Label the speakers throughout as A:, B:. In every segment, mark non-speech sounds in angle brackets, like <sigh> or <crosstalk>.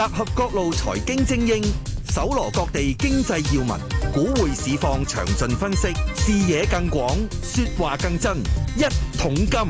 A: 集合各路財經精英，搜羅各地經濟要聞，股匯市況詳盡分析，視野更廣，說話更真。一桶金。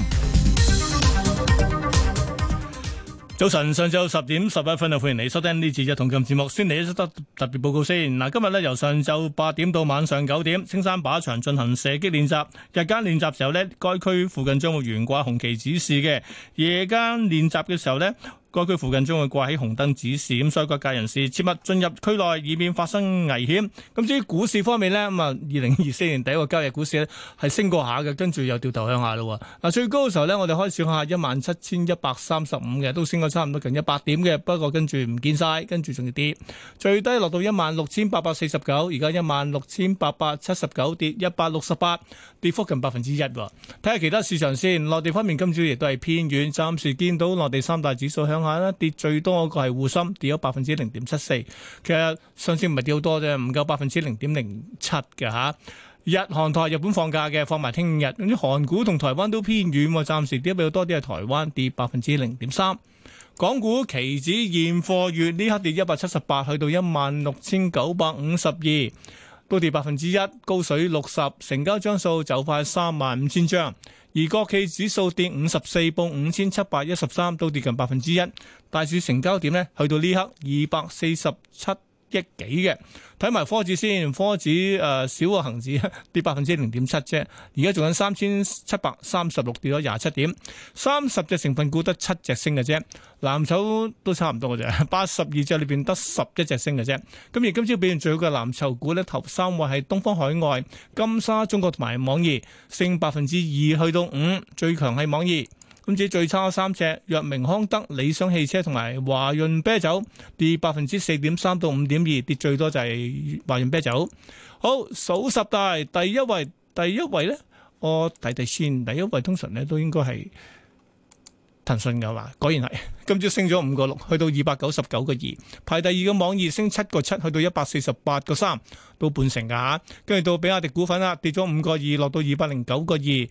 B: 早晨，上晝十點十一分啊！歡迎你收聽呢次嘅一桶金節目。先嚟一則特特別報告先。嗱，今日咧由上晝八點到晚上九點，青山靶場進行射擊練習。日間練習嘅時候呢，該區附近將會懸掛紅旗指示嘅。夜間練習嘅時候呢。該區附近將會掛起紅燈指示，咁所以各界人士切勿進入區內，以免發生危險。咁至於股市方面呢，咁啊，二零二四年第一個交易股市呢，係升過下嘅，跟住又掉頭向下咯。嗱，最高嘅時候呢，我哋開始看下一萬七千一百三十五嘅，都升過差唔多近一百點嘅，不過跟住唔見晒，跟住仲要跌，最低落到一萬六千八百四十九，而家一萬六千八百七十九，跌一百六十八，跌幅近百分之一。睇下其他市場先，內地方面今朝亦都係偏軟，暫時見到內地三大指數向下跌最多嗰個係滬深，跌咗百分之零點七四。其實上次唔係跌好多啫，唔夠百分之零點零七嘅嚇。日韓台，日本放假嘅，放埋聽日。咁啲韓股同台灣都偏軟，暫時跌比較多啲係台灣，跌百分之零點三。港股期指現貨月呢刻跌一百七十八，去到一萬六千九百五十二。都跌百分之一，高水六十，成交張數就快三萬五千張。而國企指數跌五十四，報五千七百一十三，都跌近百分之一。大市成交點呢，去到呢刻二百四十七。億幾嘅睇埋科指先，科指誒少過恒指跌百分之零點七啫。而家做緊三千七百三十六跌咗廿七點，三十隻成分股得七隻升嘅啫。藍籌都差唔多嘅啫，八十二隻裏邊得十一隻升嘅啫。咁而今朝表現最好嘅藍籌股咧，頭三位係東方海外、金沙中國同埋網易，升百分之二去到五，最強係網易。今朝最差三隻：藥明康德、理想汽車同埋華潤啤酒，跌百分之四點三到五點二，跌最多就係華潤啤酒。好，數十大第一位，第一位呢？我睇睇先，第一位通常呢都應該係騰訊噶嘛，果然係。今朝升咗五個六，去到二百九十九個二。排第二嘅網易升七個七，去到一百四十八個三，到半成噶吓。跟住到比亞迪股份啦，跌咗五個二，落到二百零九個二。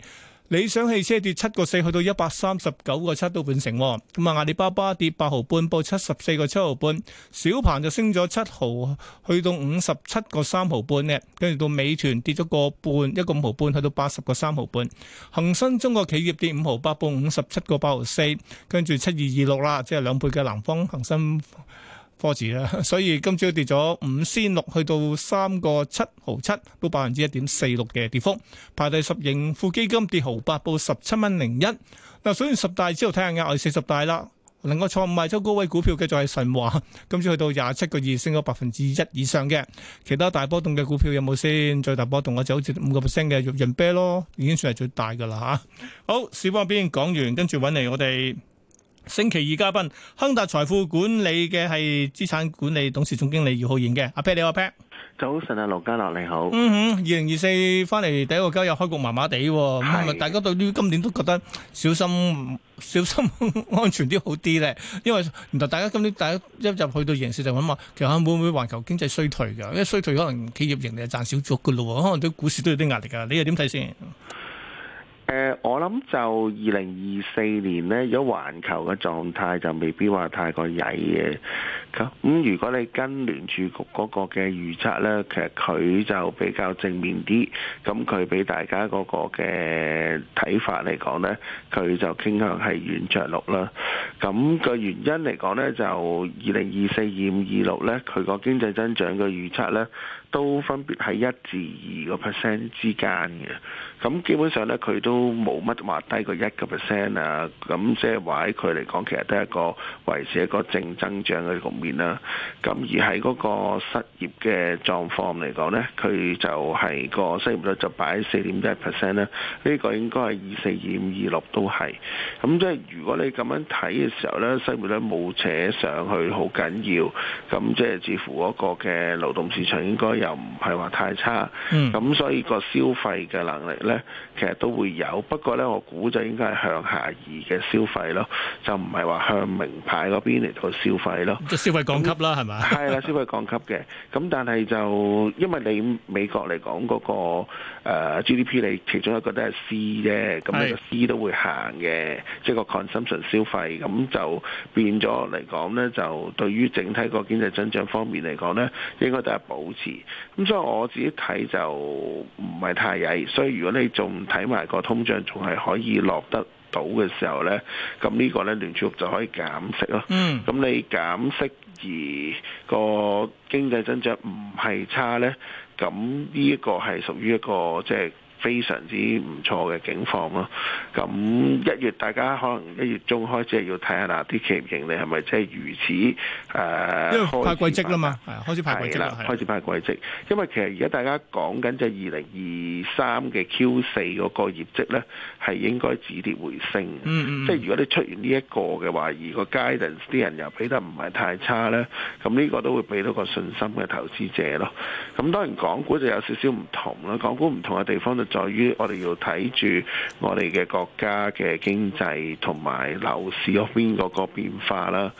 B: 理想汽車跌七個四，去到一百三十九個七到半成。咁啊，阿里巴巴跌八毫半，報七十四個七毫半。小鵬就升咗七毫，去到五十七個三毫半呢。跟住到美團跌咗個半，一個五毫半，去到八十個三毫半。恒生中國企業跌五毫八，報五十七個八毫四。跟住七二二六啦，即係兩倍嘅南方恒生。科啦，所以今朝跌咗五仙六，去到三個七毫七，都百分之一點四六嘅跌幅。排第十，盈富基金跌毫八，報十七蚊零一。嗱，數完十大之後睇下額外四十大啦，能夠創賣出高位股票嘅就係神華，今朝去到廿七個二，升咗百分之一以上嘅。其他大波動嘅股票有冇先？最大波動我就好似五個 percent 嘅潤潤啤咯，已經算係最大噶啦吓。好，小波邊講完，跟住搵嚟我哋。星期二嘉賓，嘉賓亨達財富管理嘅係資產管理董事總經理姚浩然嘅。阿 Pat，你好，Pat。
A: 早晨啊，盧嘉樂你好。
B: 嗯哼，二零二四翻嚟第一個交易開局麻麻地，咁咪、嗯、大家對於今年都覺得小心、小心、呵呵安全啲好啲咧。因為原來大家今年第一一入去到形勢就諗話，其實會唔會環球經濟衰退噶？因為衰退可能企業盈利係賺少咗噶咯，可能對股市都有啲壓力噶。你又點睇先？誒、呃。
A: 就二零二四年呢，有環球嘅狀態就未必話太過曳嘅。咁如果你跟聯儲局嗰個嘅預測呢，其實佢就比較正面啲。咁佢俾大家嗰個嘅睇法嚟講呢，佢就傾向係軟着陸啦。咁個原因嚟講呢，就二零二四、二五、二六呢，佢個經濟增長嘅預測呢。都分別係一至二個 percent 之間嘅，咁基本上呢，佢都冇乜話低過一個 percent 啊，咁即係話喺佢嚟講，其實都係一個維持一個正增長嘅局面啦。咁而喺嗰個失業嘅狀況嚟講呢，佢就係個失業率就擺喺四點一 percent 啦，呢個應該係二四二五二六都係。咁即係如果你咁樣睇嘅時候呢，失業率冇扯上去好緊要，咁即係似乎嗰個嘅勞動市場應該又唔係話太差，咁、嗯、所以個消費嘅能力呢，其實都會有。不過呢，我估就應該係向下移嘅消費咯，就唔係話向名牌嗰邊嚟到消費咯。即係消費降
B: 級啦，
A: 係咪？係啦， <laughs> 消費降級嘅。咁但係就因為你美國嚟講嗰、嗰個、呃、GDP，你其中一個都係 C 啫，咁呢個 C 都會行嘅，即係個 consumption 消費，咁就變咗嚟講呢，就對於整體個經濟增長方面嚟講呢，應該都係保持。咁所以我自己睇就唔係太曳，所以如果你仲睇埋個通脹，仲係可以落得到嘅時候呢，咁呢個呢聯儲局就可以減息咯。咁、mm. 你減息而個經濟增長唔係差呢，咁呢一個係屬於一個即係。就是非常之唔錯嘅境況咯。咁一月大家可能一月中開始要睇下哪啲企業盈利係咪真係如此誒、呃、因為派季
B: 績啦嘛，開始
A: 派季績。係啦，開始派季績。因為其實而家大家講緊就係二零二三嘅 Q 四嗰個業績咧，係應該止跌回升。嗯嗯嗯。即係如果你出現呢一個嘅話，而個 Guidance 啲人又俾得唔係太差咧，咁呢個都會俾到一個信心嘅投資者咯。咁當然港股就有少少唔同啦。港股唔同嘅地方都在於我哋要睇住我哋嘅國家嘅經濟同埋樓市嗰邊嗰個變化啦。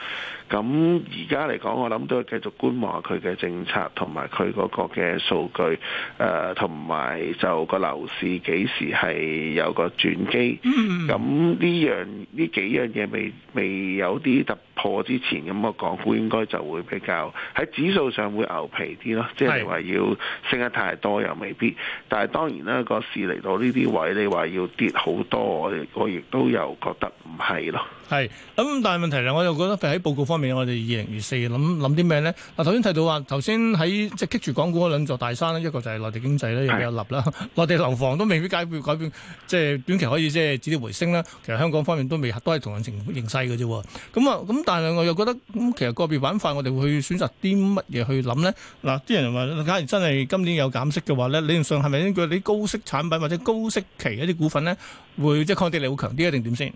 A: 咁而家嚟講，我諗都要繼續觀望佢嘅政策同埋佢嗰個嘅數據誒，同埋就個樓市幾時係有個轉機。咁呢樣呢幾樣嘢未未有啲特別。破之前咁，個港股應該就會比較喺指數上會牛皮啲咯。即係話要升得太多又未必。但係當然啦，個市嚟到呢啲位，你話要跌好多，我亦我亦都有覺得唔係咯。
B: 係咁、嗯，但係問題咧，我就覺得喺報告方面，我哋二零二四諗諗啲咩咧？嗱，頭先提到話，頭先喺即係棘住港股嗰兩座大山咧，一個就係內地經濟咧，又比較立啦。內地樓房都未必改改變，即係短期可以即係止跌回升啦。其實香港方面都未都係同樣情形嘅啫喎。咁啊咁。嗯嗯。但係我又覺得咁，其實個別板塊我哋會選擇啲乜嘢去諗呢？嗱，啲人話，假如真係今年有減息嘅話呢，理論上係咪應該啲高息產品或者高息期一啲股份呢，會即係抗跌力好強啲啊？定點先？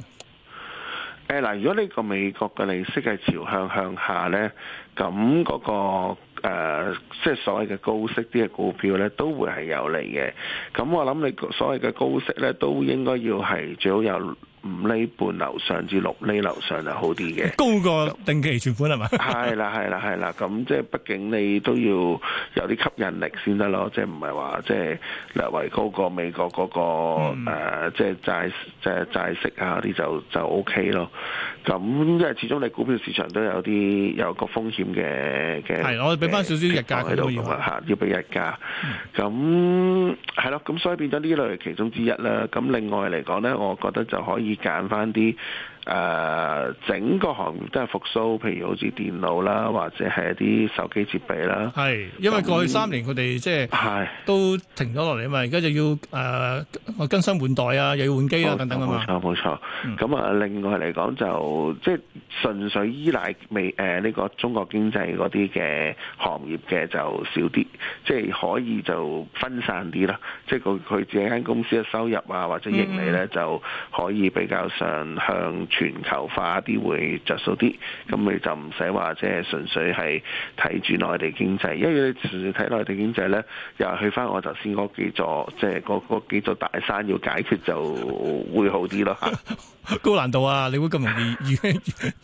A: 誒嗱，如果呢個美國嘅利息係朝向向下呢，咁嗰個誒，即係所謂嘅高息啲嘅股票呢，都會係有利嘅。咁我諗你所謂嘅高息呢，都應該要係最好有。五厘半樓上至六厘樓上就好啲嘅，
B: 高過定期存款係嘛？
A: 係啦，係啦，係啦。咁即係畢竟你都要有啲吸引力先得咯。即係唔係話即係略為高過美國嗰、那個、嗯呃、即係債即係債息啊啲就就 O、OK、K 咯。咁即係始終你股票市場都有啲有個風險嘅嘅。係，我哋俾翻少少日價佢都用啊要俾日價。咁係咯，咁、嗯、所以變咗呢類其中之一啦。咁另外嚟講咧，我覺得就可以。你揀翻啲。誒、呃、整個行業都係復甦，譬如好似電腦啦，或者係一啲手機設備啦。
B: 係，因為過去三年佢哋即係都停咗落嚟啊嘛，而家就要誒、呃、更新換代啊，又要換機啊等等啊嘛。
A: 冇錯冇錯，咁啊、嗯、另外嚟講就即係純粹依賴美誒呢個中國經濟嗰啲嘅行業嘅就少啲，即、就、係、是、可以就分散啲啦。即係佢佢自己間公司嘅收入啊，或者盈利咧就可以比較上向嗯嗯。全球化啲會著數啲，咁你就唔使話即係純粹係睇住內地經濟，因為你純粹睇內地經濟咧，又係去翻我頭先嗰幾座，即係嗰幾座大山要解決就會好啲咯。
B: 高難度啊！你會咁容易越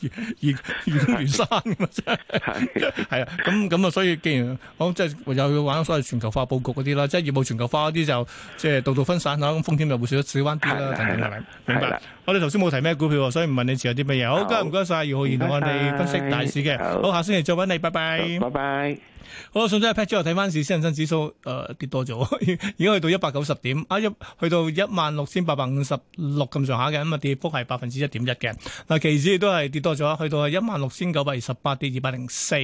B: 越越越越山咁啊？真係係啊！咁咁啊，所以既然我即係又要玩所謂全球化佈局嗰啲啦，即係業務全球化嗰啲就即係度度分散啊，咁風險就會少少彎啲啦。明白。我哋頭先冇提咩股票，所以唔問你持有啲乜嘢。好，今日唔該晒，姚浩然同我哋分析大市嘅。好，下星期再搵你，拜拜。拜拜。好，上張 pat 之後睇翻市，恒生指數誒跌多咗，而家去到一百九十點，啊一去到一萬六千八百五十六咁上下嘅，咁啊跌幅係百分之一點一嘅。嗱，期指亦都係跌多咗，去到一萬六千九百二十八，跌二百零四，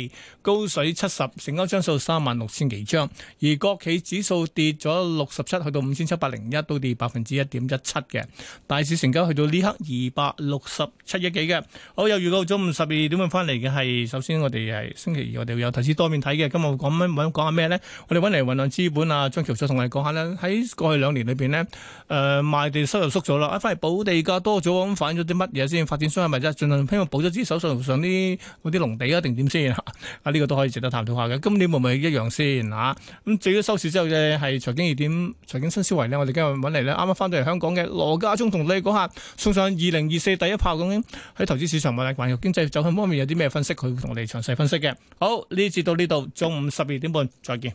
B: 高水七十，成交張數三萬六千幾張。而國企指數跌咗六十七，去到五千七百零一，都跌百分之一點一七嘅。大市成交去到呢刻二百六十七億幾嘅。好，又預告中午十二點會翻嚟嘅係，首先我哋係星期二我哋會有投資多面睇嘅。今日講我想講下咩咧？我哋揾嚟雲浪資本啊，張喬再同我哋講下咧。喺過去兩年裏邊呢，誒、呃、賣地收入縮咗啦，一翻嚟補地價多咗，咁反映咗啲乜嘢先？發展商係咪真係盡量希望補咗啲手上啲啲農地啊，定點先啊？呢、這個都可以值得探討下嘅。今年會唔會一樣先啊？咁至於收市之後嘅係財經熱點、財經新思維呢。我哋今日揾嚟咧，啱啱翻到嚟香港嘅羅家聰同你講下，送上二零二四第一炮咁喺投資市場同埋環球經濟走向方面有啲咩分析，佢會同我哋詳細分析嘅。好，呢節到呢度。中午十二點半，再見。